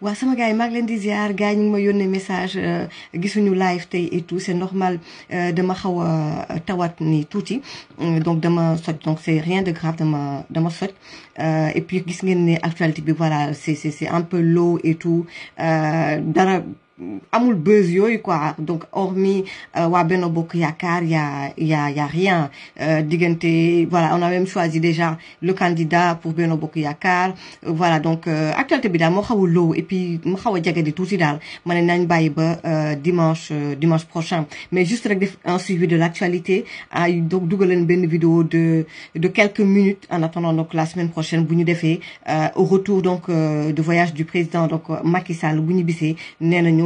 wa sama gars yi len di ziar gars ñu ma yónnee message euh, gisuñu live tay et tout c'est normal normal euh, dama xaw tawat ni touti euh, donc dama ma donc c'est rien de grave dama dama soj et puis gis ngeen ne actualité bi voilà c'est c'est c'est un peu low et tout dara amul buzz yoy quoi donc hormis euh, waa Benno Bokk il y a y a y a rien euh, voilà on a même choisi déjà le candidat pour Beno Bokk euh, voilà donc actualité bi da mo xaw et puis mo xaw a touti dal mané daal ma ba dimanche dimanche prochain mais juste rek un suivi de l'actualité ah, donc dougalen une vidéo de de quelques minutes en attendant donc la semaine prochaine buñu défé au retour donc de voyage du président donc Macky Sall buñu Bissé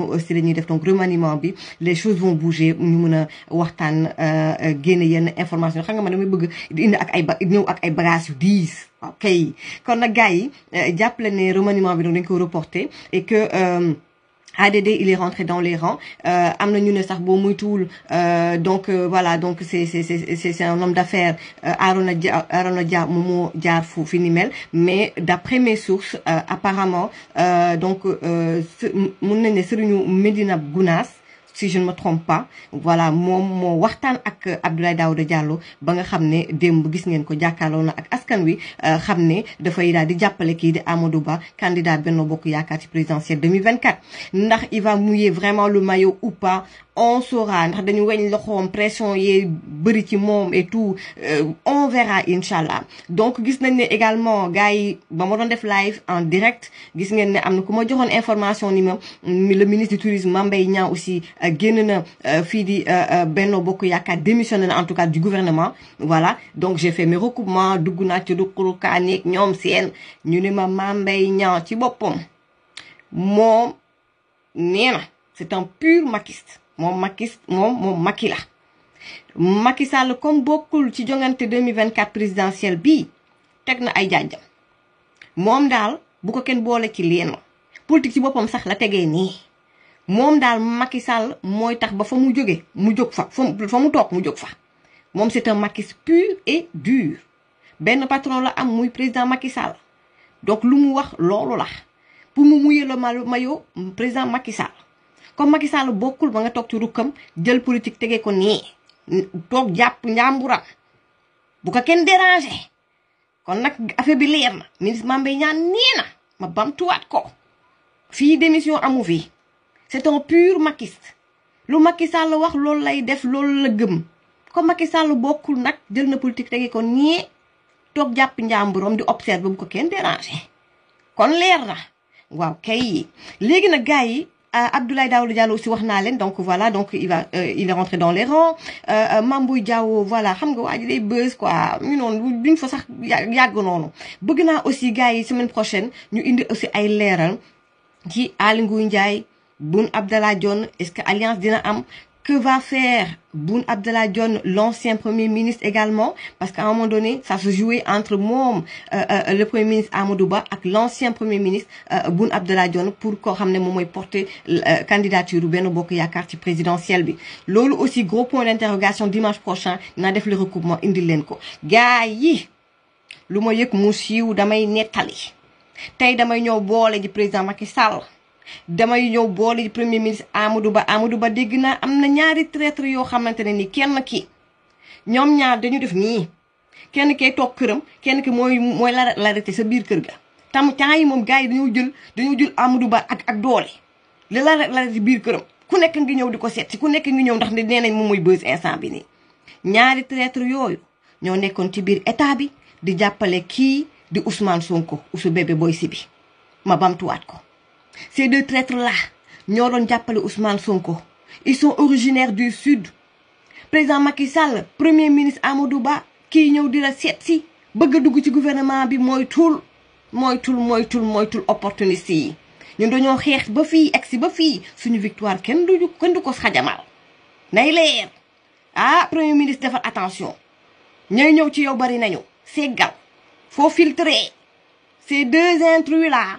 ñooñu euh, si la ñuy def donc remaniement bi les choses vont bouger ñu mën a euh, euh génne yenn information xam nga man damay bëgg di indi ak ay ba ñëw ak ay bagages yu diis. ok kon na gars yi euh, jàppale remaniement bi donc dañ ko reporter et que. euh, ADD il est rentré dans les rangs euh, am na ñu ne sax euh, donc euh, voilà donc c'est c'est c'est c'est un homme d'affaires Arona Dia Arona Dia Finimel. mel mais d'après mes sources apparemment donc mun nañ ne si je ne me trompe pas voilà mon mon waxtaan ak Abdoulaye Daouda Diallo ba nga xamné demb gis ngeen ko jàkkaarloo ak askan wi euh, xamné da fay daal di jàppale kii di Amadou Ba candidat Benno Bokk présidentiel 2024 ndax il va mouiller vraiment le maillot ou pas on saura ndax dañu weñ loxom pression yee beuri ci mom et tout euh, on verra inshallah donc gis nañ né également gaay ba mo doon def live en direct gis ngeen né amna kuma joxone information ni ma le ministre du tourisme Mame aussi euh, génn euh, fi di euh, Benno bokku Yaakaar démissionné en tout cas du gouvernement voilà donc j'ai fait mes recoupements duguna naa ci ruqrukaan yeeg ñom seen ñu ne ma mambay Mbaye ci bopom mom néna c'est un pur maquiste mom maquiste mom mom maki la Macky Sall comme bokkul ci jongante 2024 présidentiel bi teg na ay jaajam mom dal bu ko ken bolé ci leen politique ci boppam sax la tégué ni moom daal Macky Sall mooy tax ba fa mu jóge mu jóg fa fa mu toog mu jóg fa moom c'est un Macky pur et dur benn patron la am muy président Macky Sall donc lu mu wax loolu la pour mu mouiller le maillot président Macky Sall comme Sall bokkul ba nga toog ci rukkam jël politique tege ko nii toog jàpp njàmburam bu ko kenn déranger kon nag affaire bi leer na ministre Mame Mbaye Niang na ma bamtuwaat ko fii démission amu fii c'est un pur makiste lu Macky Sall wax loolu lay def loolu la gem. comme Macky Sall bokkul nag jël na politique tege ko nii toog jàpp njàmburam di observe bu ko ken déranger. kon leer na waaw kay Légui nag gars yi euh, Abdoulaye Daouda Diallo aussi wax naa leen donc voilà donc il va euh, il est rentré dans les rangs euh, Mame Boye Diawo voilà xam nga waa ji day quoi ñu non buñ fa sax yag nonu bëgg na aussi gars yi semaine prochaine ñu indi aussi ay leeral ci Aly Ngouille Ndiaye Boun Abdallah John est-ce que alliance dina am que va faire Boun Abdallah John l'ancien premier ministre également parce qu'à un moment donné ça se jouait entre moom euh, euh, euh, le premier ministre Amadou Ba l'ancien premier ministre Boun Abdallah John pour qu'on xam ne porter candidature Benno Bokk Yaakaar ci présidentielle bi aussi gros point d'interrogation dimanche prochain dina def le recoupement indil leen ko gars yi lu ma yëg damay nettali tey damay ñëw boole ji président Macky Sall damay ñëw boole premier ministre Amadou Ba Amadou Ba dégg naa am na ñaari traître yoo xamante ne ni kenn ki ñoom ñaar dañu def nii kenn kay toog këram kenn ki mooy mooy la larete sa biir kër ga. tam temps yi moom gars yi dañoo jël dañu jël amadu Ba ak ak doole li la larete biir këram ku nekk ngi ñëw di ko seet si ku nekk ngi ñëw ndax nee nañ moom mooy bës instant bi nii. ñaari traître yooyu ñoo nekkoon ci biir état bi di jàppale kii di Ousmane Sonko Ousou bébé boy si bi ma bamtuwaat ko. ces deux traîtres-là ñoo doon jàppale Ousmane Sonko ils sont originaires du sud président Macky Sall premier ministre Amadou Ba kii ñëw di que seet si bëgg a ci gouvernement bi moy tuul moy tul moy tul moy tul opportuniste yi ñun dañoo xeex ba fii egsi ba victoire kenn du du ko xajamal nay leer ah premier ministre defal attention ñooy ñëw ci yow bari nañu gal, faut filtrer ces deux intrus là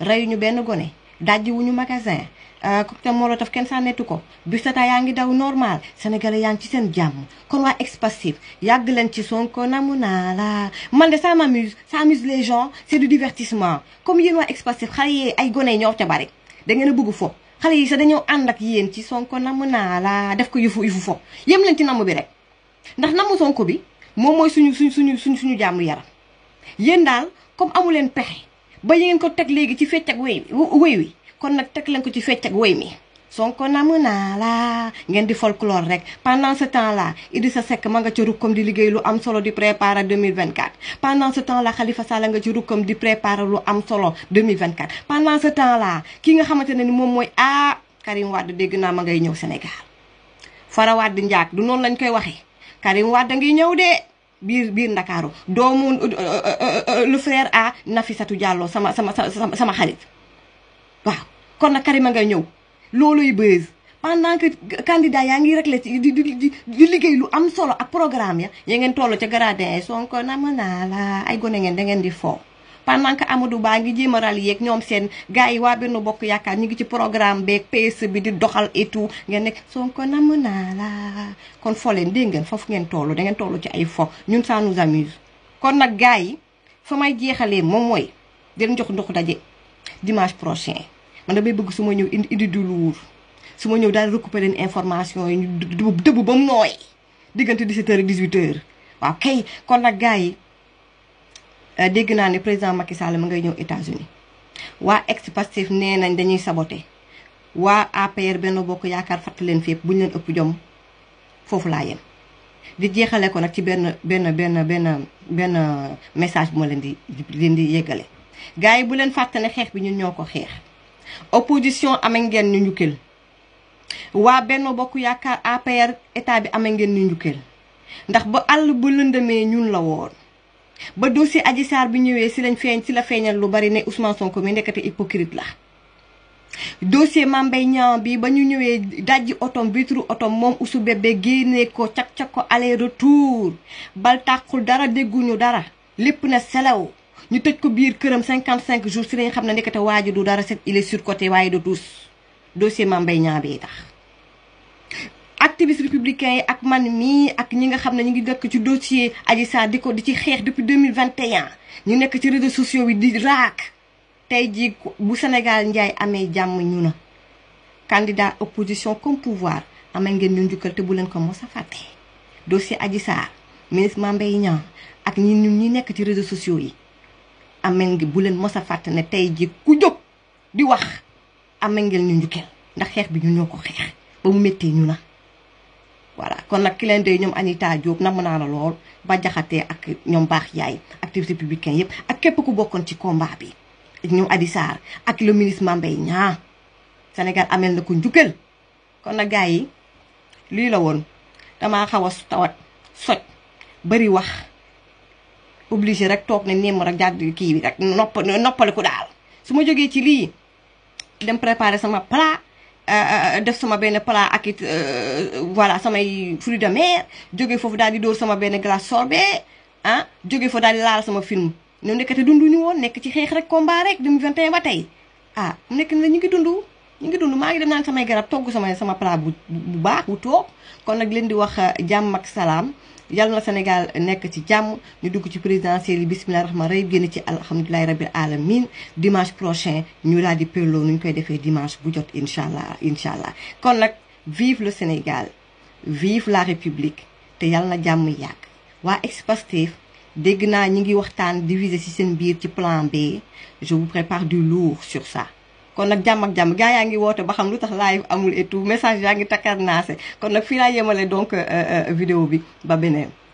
reyuñu benn gone dajjiwuñu magasin molo euh, molotov kenn sànnetu ko yaa ngi daw normal sénégalais yaa ngi ci seen jàmm kon waa expassif yàgg leen ci Sonko de ça m'amuse ça amuse les gens c'est du divertissement comme il waa expassif xale yi ay gone ñoo ca bari da a bëgg fo xale yi sa dañoo ànd ak yéen ci Sonko la def ko yufu yufu fo yem leen ci namu bi rek ndax namu Sonko bi suñu suñu suñu comme ba ngeen ko teg léegi ci fecc ak wéy wéy wi kon nag teg leen ko ci fecc ak wéy mi Sonko namu naa la ngeen di folklore rek pendant ce temps là Idrissa Seck ma nga ci rukkam di liggéey lu am solo di préparer 2024. pendant ce temps là Khalifa Sall nga ci rukkam di préparer lu am solo 2024 pendant ce temps la ki nga xamante ne ni moom mooy ah Karim Wade dégg naa ma ngay ñëw Sénégal Fara Wade njaag du noonu lañ koy waxee Karim Wade ngi ñëw de. biir biir ndakaaru doomu euh, euh, euh, le frère a Nafisatu Diallo sama sama sama xarit waaw kon nag Karima nga ñëw looluy buzz pendant que candidat yaa ngi réglé le di di di liggéey lu am solo a programme ya ya ngeen toll ca gradin Sonko nam naa la ay gone ngeen da ngeen di foo pendant que Amadou Ba ngi jéem a rallier ak ñoom seen gars yi waa Benno Bokk Yaakaar ñu ngi ci programme beeg PS bi di doxal et tout ngeen nekk Sonko nam naa kon foo leen dégg foofu ngeen toll da ngeen ci ay fo ñun ça nous amuse kon nag gaa yi fa may jeexalee moom mooy den jox ndox daje dimanche prochain man damay bëgg su ma ñëw indi indi du luur su ma ñëw daal recouper leen information yi ñu dëbb ba mu nooy diggante 17 heures ak waaw kay kon nag gars yi Euh, dégg naa ne président Macky Sall mu ngay ñëw États-Unis waa ex Pastef nee nañ dañuy sabote waa APR benn bokk yaakaar fàttali leen fépp bu ñu leen ëpp jom foofu laa yem. di jeexale ko nag ci benn benn benn benn benn message bu ma leen di leen di yi bu leen fàtte ne xeex bi ñun ñoo ko xeex opposition amee ngeen ñu njukkeel waa benn bokk yaakaar APR état bi amee ngeen ñu njukkeel ndax ba àll bu lëndamee ñun la woon. ba dossier Adji Sarr bi ñëwee si lañ feeñ si la feeñal lu bari ne Ousmane Sonko mi nekkati hypocrite la dossier Mame Mbaye bi ba ñu ñëwee dajj otom vitre otom moom usu bébé génnee ko cak-cak ko aller retour bal tàqul dara dégguñu dara lépp na selaw ñu tëj ko biir këram jour jours si lañ xam ne nekkati waaju du dara set il est surcoté waaye du tuus dossier Mame Mbaye Niang bi tax activiste républicain yi ak man mii ak ñi nga xam ne ñu ngi nekk ci dossier Adji Sarr di ko di ci xeex depuis 2021 ñu nekk ci réseaux sociaux yi di raak tey jii bu Sénégal njaay amee jàmm ñu na candidat opposition comme pouvoir amee ngeen ñu njukkal bu leen ko mos a fàtte dossier Adji ak ñi ñun ñi nekk ci réseaux sociaux yi amee bu leen mos a tey jii ku jóg di wax amee ngeen ñu njukkal ndax xeex bi ñu ñoo ko xeex ba mu méttee ñu na voilà kon nak ki leen day Anita Diop namm naa na lool ba jaxatee ak ñom baax yaay activité publique yépp ak képp ku bokkon ci combat bi ñom Adji ak le ministre ña amel na ko njukkal kon nak gaay yi li la won dama xaw a tawat soj bari wax obligé rek tok ne nem rek jàdd ki bi rek nopp noppaliku daal su ma ci li dem préparer sama plat Euh, def sama benn plat akit it euh, voilà samay fruits de mer jóge foofu daal di dóor sama benn glace sorbet ah jóge foofu daal di laal sama film ñoom nekkati dunduñu woon nekk ci xeex rek combat rek mu 2021 ba tey ah mu nekk na ñu ngi dund. ñu ngi dund maa ngi dem naan samay togg samay sama plat bu baax bu toog kon nag leen di wax euh, jàmm ak salaam yàlla na nekk ci jàmm ñu dugg ci présidentielle yi bisimilah rahmaan rahim génn ci alhamdulilahi rabil alamin dimanche prochain ñu daal di perloo nu ñu koy defee dimanche bu jot incha allah incha allah kon nag vive le Sénégal vive la République te yàlla na jàmm yàgg waa ex-Pastef dégg naa ñi ngi waxtaan diviser ci seen biir ci plan bi je vous prépare du lourd sur ça kon nag jàmm ak jàmm gaa yaa ngi woote ba xam lu tax live amul et message yaa ngi takkar se kon nag fii laa yemale donc euh, euh, vidéo bi ba beneen